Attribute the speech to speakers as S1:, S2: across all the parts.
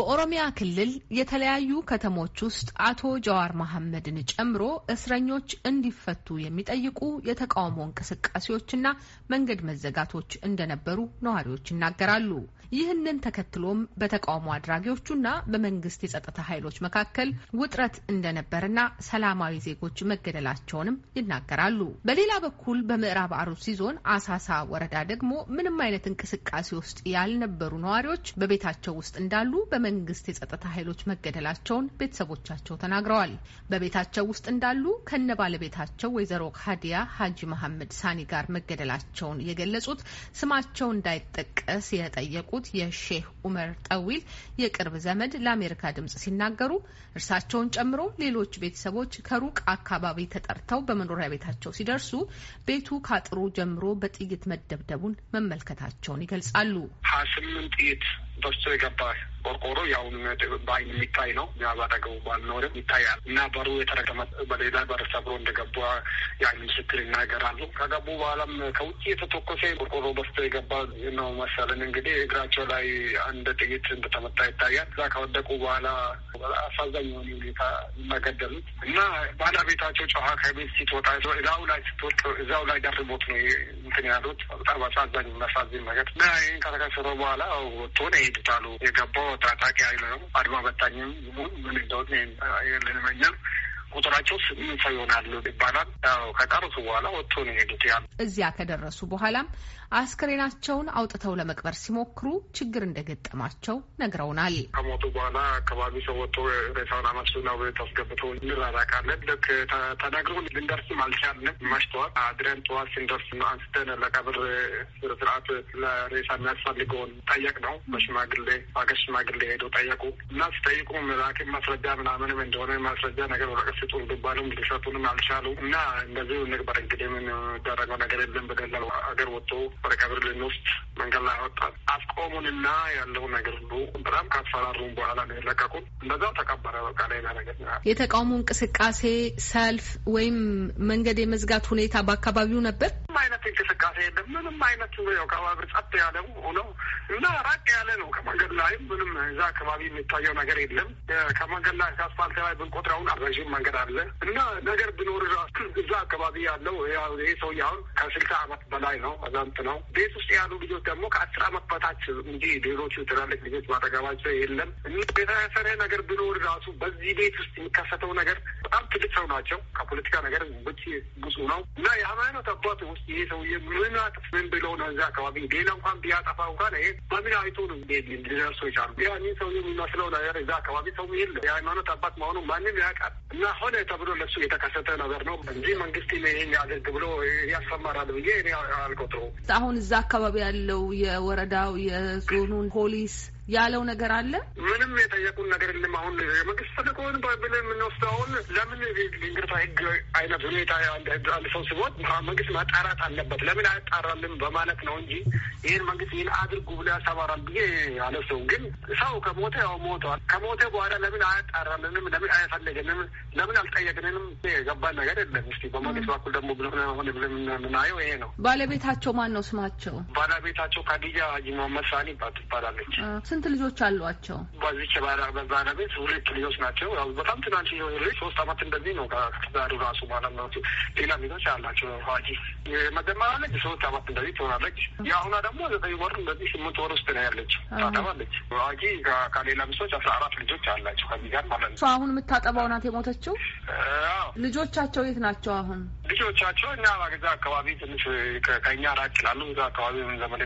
S1: በኦሮሚያ ክልል የተለያዩ ከተሞች ውስጥ አቶ ጀዋር መሐመድን ጨምሮ እስረኞች እንዲፈቱ የሚጠይቁ የተቃውሞ እንቅስቃሴዎችና መንገድ መዘጋቶች እንደነበሩ ነዋሪዎች ይናገራሉ። ይህንን ተከትሎም በተቃውሞ አድራጊዎቹና በመንግስት የጸጥታ ኃይሎች መካከል ውጥረት እንደነበርና ሰላማዊ ዜጎች መገደላቸውንም ይናገራሉ። በሌላ በኩል በምዕራብ አሩሲ ዞን አሳሳ ወረዳ ደግሞ ምንም አይነት እንቅስቃሴ ውስጥ ያልነበሩ ነዋሪዎች በቤታቸው ውስጥ እንዳሉ በመንግስት የጸጥታ ኃይሎች መገደላቸውን ቤተሰቦቻቸው ተናግረዋል። በቤታቸው ውስጥ እንዳሉ ከነ ባለቤታቸው ወይዘሮ ካዲያ ሀጂ መሐመድ ሳኒ ጋር መገደላቸውን የገለጹት ስማቸው እንዳይጠቀስ የጠየቁት የሼህ ኡመር ጠዊል የቅርብ ዘመድ ለአሜሪካ ድምጽ ሲናገሩ እርሳቸውን ጨምሮ ሌሎች ቤተሰቦች ከሩቅ አካባቢ ተጠርተው በመኖሪያ ቤታቸው ሲደርሱ ቤቱ ካጥሩ ጀምሮ በጥይት መደብደቡን መመልከታቸውን ይገልጻሉ።
S2: ሀያ ስምንት ጥይት በሱ የገባ ቆርቆሮ ያሁን በአይን የሚታይ ነው። ያባጠገቡ ባልኖርም ይታያል እና በሩ የተረገመ በሌላ በር ሰብሮ እንደገቡ ያን ምስክር ይናገራሉ። ከገቡ በኋላም ከውጭ የተተኮሰ ቆርቆሮ በስቶ የገባ ነው መሰለን እንግዲህ እግራቸው ላይ አንድ ጥይት እንደተመታ ይታያል። እዛ ከወደቁ በኋላ አሳዛኝ የሆነ ሁኔታ ይመገደሉት እና ባለቤታቸው ጨዋ ከቤት ስትወጣ እዛው ላይ ስትወጥ እዛው ላይ ደርቦት ነው እንትን ያሉት። በጣም አሳዛኝ የሚያሳዝን ነገር እና ይህን ከተከሰረ በኋላ ወጥቶ ነው ሆስፒታሉ የገባው ታጣቂ ኃይል ነው። አድማ በታኝም ምን እንደሆነ የለንመኛል ቁጥራቸው ስምንት ሰው ይሆናሉ ይባላል። ያው ከቀሩት በኋላ ወጥቶ ነው የሄዱት። ያ
S1: እዚያ ከደረሱ በኋላም አስክሬናቸውን አውጥተው ለመቅበር ሲሞክሩ ችግር እንደገጠማቸው ነግረውናል።
S2: ከሞቱ በኋላ አካባቢ ሰው ወጥቶ ሬሳውን አመስሉና ቤት አስገብቶ እንራራቃለን። ልክ ተናግሮ ልንደርስም አልቻልንም። መሽተዋል። አድረን ጠዋት ስንደርስ አንስተን ለቀብር ስርዓት ለሬሳ የሚያስፈልገውን ጠየቅ ነው። በሽማግሌ አገር ሽማግሌ ሄዶ ጠየቁ እና ሲጠይቁ ራኪም ማስረጃ ምናምንም እንደሆነ ማስረጃ ነገር ወረቀት ስጡን ብባሉም ሊሰጡንም አልቻሉ እና እንደዚህ ንግበር እንግዲህ ምን ደረገው ነገር የለም። በደላል አገር ወጥቶ በረቀብር ልንወስድ መንገድ ላይ አወጣል። አስቆሙንና ያለውን ነገር
S1: ሁሉ በጣም ካስፈራሩን በኋላ ነው የለቀቁን። እንደዛው ተቀበረ። በቃ ሌላ ነገር የተቃውሞ እንቅስቃሴ ሰልፍ ወይም መንገድ የመዝጋት ሁኔታ በአካባቢው ነበር። አይነት
S2: እንቅስቃሴ የለም። ምንም አይነት ያው ከባቢ ጸጥ ያለ ሆነው እና ራቅ ያለ ነው። ከመንገድ ላይም ምንም እዛ አካባቢ የሚታየው ነገር የለም። ከመንገድ ላይ ከአስፋልት ላይ ብንቆጥረውን አረዥም መንገድ አለ እና ነገር ቢኖር ራሱ እዛ አካባቢ ያለው ይህ ሰው አሁን ከስልሳ አመት በላይ ነው አዛንት ነው። ቤት ውስጥ ያሉ ልጆች ደግሞ ከአስር አመት በታች እንጂ ሌሎቹ ትላልቅ ልጆች ማጠገባቸው የለም። የተሰረ ነገር ቢኖር ራሱ በዚህ ቤት ውስጥ የሚከሰተው ነገር በጣም ትልቅ ሰው ናቸው። ከፖለቲካ ነገር ውጭ ብዙ ነው እና የሃይማኖት አባት ውስጥ ይህ ሰውዬ ምን አጥፍ ምን ብለው ነው እዛ አካባቢ ሌላ እንኳን ቢያጠፋ እንኳን ይሄ በምን አይቶ ነው ሊደርሱ ይቻሉ? ያኒ ሰውዬ የሚመስለው ነገር እዛ አካባቢ ሰው የለ የሃይማኖት አባት መሆኑ ማንም ያውቃል። እና ሆነ ተብሎ ለሱ የተከሰተ ነገር ነው እንጂ መንግስት ይሄን ያደርግ ብሎ ያሰማራል ብዬ እኔ አልቆጥረውም።
S1: አሁን እዛ አካባቢ ያለው የወረዳው የዞኑን ፖሊስ ያለው ነገር አለ?
S2: ምንም የጠየቁን ነገር የለም። አሁን የመንግስት ተልእኮውን ብለን አሁን ለምን ግርታ ህግ አይነት ሁኔታ አንድ ሰው ሲሞት መንግስት ማጣራት አለበት ለምን አይጣራልም በማለት ነው እንጂ ይህን መንግስት ይህን አድርጉ ብሎ ያሰባራል ብዬ አለሰው። ግን ሰው ከሞተ ያው ሞተዋል። ከሞተ በኋላ ለምን አያጣራልንም? ለምን አያፈለገንም? ለምን አልጠየቅንንም? የገባ ነገር የለም። እስቲ በመንግስት በኩል ደግሞ ብሆነ የምናየው ይሄ ነው።
S1: ባለቤታቸው ማን ነው ስማቸው?
S2: ባለቤታቸው ካዲጃ ሀጂ መሳኒ ትባላለች።
S1: ስንት ልጆች አሏቸው
S2: የባዚች ባለቤት ሁለት ልጆች ናቸው። ያው በጣም ትናንሽ ልጅ ሶስት አመት እንደዚህ ነው። ከዛሩ ራሱ ማለት ነው። ሌላ ልጆች አላቸው። ዋጂ የመጀመሪያ ልጅ ሶስት አመት እንደዚህ ትሆናለች። የአሁኗ ደግሞ ዘጠኝ ወር እንደዚህ ስምንት ወር ውስጥ ነው ያለች። ታጠባለች። ዋጂ ከሌላ ሚስቶች አስራ አራት ልጆች አላቸው ከዚህ ጋር ማለት
S1: ነው። አሁን የምታጠባው ናት የሞተችው። ልጆቻቸው የት ናቸው አሁን?
S2: ልጆቻቸው እኛ በገዛ አካባቢ ትንሽ ከእኛ ራቅ ይላሉ። እዛ አካባቢ ዘመድ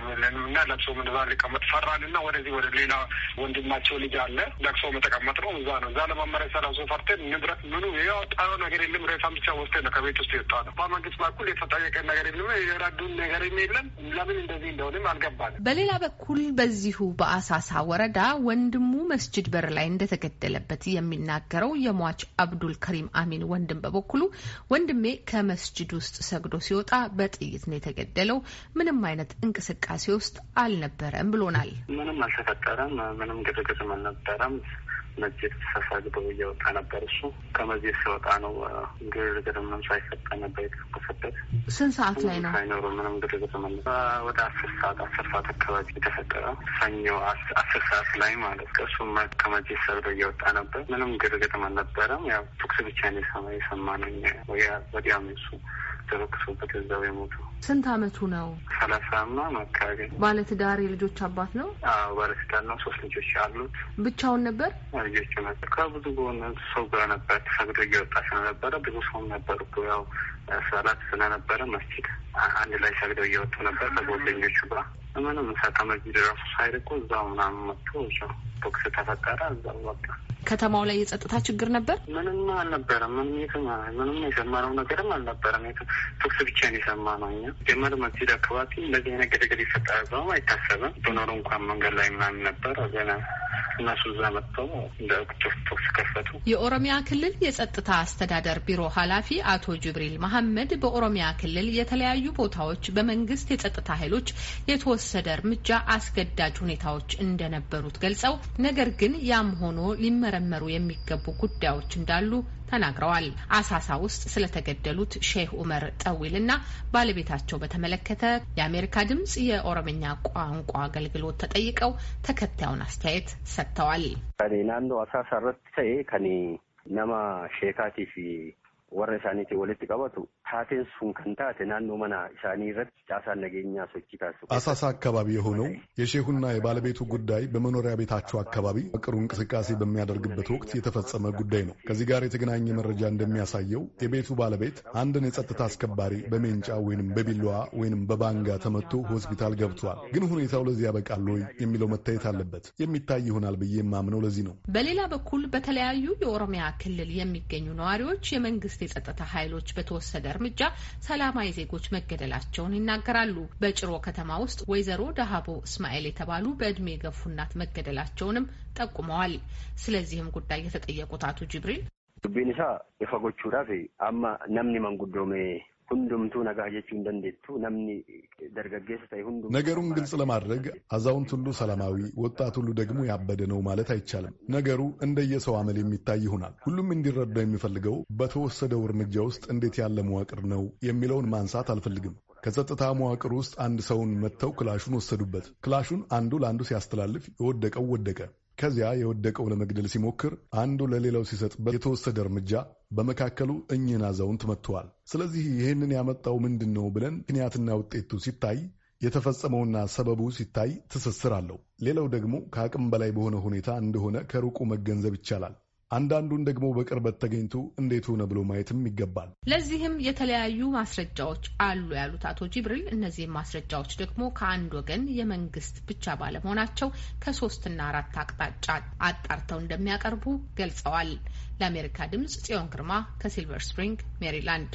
S2: እና ለብሶ ምንዛ ሊቀመጥ ፈራን እና ወደዚህ ወደ ሌላ ወንድማቸው ልጅ አለ ለቅሶ መተቀመጥ ነው። እዛ ነው እዛ ለመመሪያ ራሱ ፈርተን ንብረት ምኑ የወጣው ነገር የለም። ሬሳ ብቻ ወስደን ነው ከቤት ውስጥ የወጣ ነው። በመንግስት በኩል የተጠየቀ ነገር የለም። የረዱን ነገር የለም። ለምን እንደዚህ እንደሆነም አልገባል።
S1: በሌላ በኩል በዚሁ በአሳሳ ወረዳ ወንድሙ መስጅድ በር ላይ እንደተገደለበት የሚናገረው የሟች አብዱል ከሪም አሚን ወንድም በበኩሉ ወንድሜ ከመስጅድ ውስጥ ሰግዶ ሲወጣ በጥይት ነው የተገደለው። ምንም አይነት እንቅስቃሴ ውስጥ አልነበረም ብሎናል።
S3: ምንም አልተፈጠረም። ምንም ግርግርም አልነበረም። መጀት ተሳግበው እየወጣ ነበር። እሱ ከመጀት ሲወጣ ነው ግርግር ምንም ሳይሰጠ ነበር የተፈሰበት።
S1: ስንት ሰዓት ላይ ነው? ሳይኖሩ
S3: ምንም ግርግር ምን ወደ አስር ሰዓት አስር ሰዓት አካባቢ የተፈጠረ ሰኞ አስር ሰዓት ላይ ማለት እሱ ከመጀት ሰብረው እየወጣ ነበር። ምንም ግርግር ምን ነበረም። ያው ትኩስ ብቻ ነው የሰማ የሰማ ነኝ ወዲያ ነው እሱ የተበክሱበት እዛው የሞቱ
S1: ስንት አመቱ ነው?
S3: ሰላሳ ምናምን አካባቢ።
S1: ባለትዳር የልጆች አባት ነው?
S3: አዎ ባለትዳር ነው። ሶስት ልጆች አሉት።
S1: ብቻውን ነበር?
S3: ልጆች ነበር። ከብዙ በሆነ ሰው ጋር ነበር። ተፈቅዶ እየወጣ ስለነበረ ብዙ ሰውም ነበር ያው ሰላት ስለነበረ መስጂድ አንድ ላይ ሰግደው እየወጡ ነበር ከጓደኞቹ ጋር ምንም እንሳ ከመስጂድ ራሱ ሳይርቁ እዛው ምናምን መጥቶ ቦክስ ተፈጠረ። እዛው ወጣ
S1: ከተማው ላይ የጸጥታ ችግር ነበር?
S3: ምንም አልነበረም። ምንም የሰማነው ነገርም አልነበረም። ተኩስ ብቻ ነው የሰማነው እኛ። ጀመር መስጊድ አካባቢ እንደዚህ አይነት ገደገድ ይፈጠራል ብለውም አይታሰብም። ብኖር እንኳን መንገድ ላይ ምናምን ነበር ገና እነሱ እዛ መጥተው ለቁጭፍጮፍ
S1: ሲከፈቱ የኦሮሚያ ክልል የጸጥታ አስተዳደር ቢሮ ኃላፊ አቶ ጅብሪል መሐመድ በኦሮሚያ ክልል የተለያዩ ቦታዎች በመንግስት የጸጥታ ኃይሎች የተወሰደ እርምጃ አስገዳጅ ሁኔታዎች እንደነበሩት ገልጸው ነገር ግን ያም ሆኖ ሊመረመሩ የሚገቡ ጉዳዮች እንዳሉ ተናግረዋል። አሳሳ ውስጥ ስለተገደሉት ሼህ ኡመር ጠዊል እና ባለቤታቸው በተመለከተ የአሜሪካ ድምጽ የኦሮምኛ ቋንቋ አገልግሎት ተጠይቀው ተከታዩን አስተያየት ሰጥተዋል። ሰጥተዋል።
S3: ናኖ አሳ ሰረት ተኤ ከኒ ነማ ሼካቲ ፊ ወረ ሳኒቲ ወልት ቀበቱ taateen sun kan taate naannoo mana isaanii irratti caasaan nageenyaa sochii
S4: taasisu. አሳሳ አካባቢ የሆነው የሼሁና የባለቤቱ ጉዳይ በመኖሪያ ቤታቸው አካባቢ ቅሩ እንቅስቃሴ በሚያደርግበት ወቅት የተፈጸመ ጉዳይ ነው። ከዚህ ጋር የተገናኘ መረጃ እንደሚያሳየው የቤቱ ባለቤት አንድን የጸጥታ አስከባሪ በሜንጫ ወይንም በቢላዋ ወይንም በባንጋ ተመቶ ሆስፒታል ገብቷል። ግን ሁኔታው ለዚህ ያበቃል ወይ የሚለው መታየት አለበት። የሚታይ ይሆናል ብዬ የማምነው ለዚህ ነው።
S1: በሌላ በኩል በተለያዩ የኦሮሚያ ክልል የሚገኙ ነዋሪዎች የመንግስት የጸጥታ ኃይሎች በተወሰደ እርምጃ ሰላማዊ ዜጎች መገደላቸውን ይናገራሉ። በጭሮ ከተማ ውስጥ ወይዘሮ ደሃቦ እስማኤል የተባሉ በእድሜ የገፉ እናት መገደላቸውንም ጠቁመዋል። ስለዚህም ጉዳይ የተጠየቁት አቶ ጅብሪል
S3: ዱቢን የፈጎቹ ራሴ አማ ነምኒ መንጉዶሜ ሁንዱምቱ ነጋ ጀቹ እንደንዴቱ dandeettu namni
S4: dargaggeessa ሁንዱ ነገሩን ግልጽ ለማድረግ አዛውንት ሁሉ ሰላማዊ፣ ወጣት ሁሉ ደግሞ ያበደ ነው ማለት አይቻልም። ነገሩ እንደየሰው አመል የሚታይ ይሆናል። ሁሉም እንዲረዳ የሚፈልገው በተወሰደው እርምጃ ውስጥ እንዴት ያለ መዋቅር ነው የሚለውን ማንሳት አልፈልግም። ከጸጥታ መዋቅር ውስጥ አንድ ሰውን መጥተው ክላሹን ወሰዱበት። ክላሹን አንዱ ለአንዱ ሲያስተላልፍ የወደቀው ወደቀ። ከዚያ የወደቀው ለመግደል ሲሞክር አንዱ ለሌላው ሲሰጥበት የተወሰደ እርምጃ በመካከሉ እኚህን አዛውንት መጥተዋል። ስለዚህ ይህንን ያመጣው ምንድን ነው ብለን ምክንያትና ውጤቱ ሲታይ የተፈጸመውና ሰበቡ ሲታይ ትስስር አለው። ሌላው ደግሞ ከአቅም በላይ በሆነ ሁኔታ እንደሆነ ከሩቁ መገንዘብ ይቻላል። አንዳንዱን ደግሞ በቅርበት ተገኝቶ እንዴት ሆነ ብሎ ማየትም ይገባል።
S1: ለዚህም የተለያዩ ማስረጃዎች አሉ ያሉት አቶ ጅብሪል እነዚህም ማስረጃዎች ደግሞ ከአንድ ወገን የመንግስት ብቻ ባለመሆናቸው ከሶስትና አራት አቅጣጫ አጣርተው እንደሚያቀርቡ ገልጸዋል። ለአሜሪካ ድምጽ ጽዮን ግርማ ከሲልቨር ስፕሪንግ ሜሪላንድ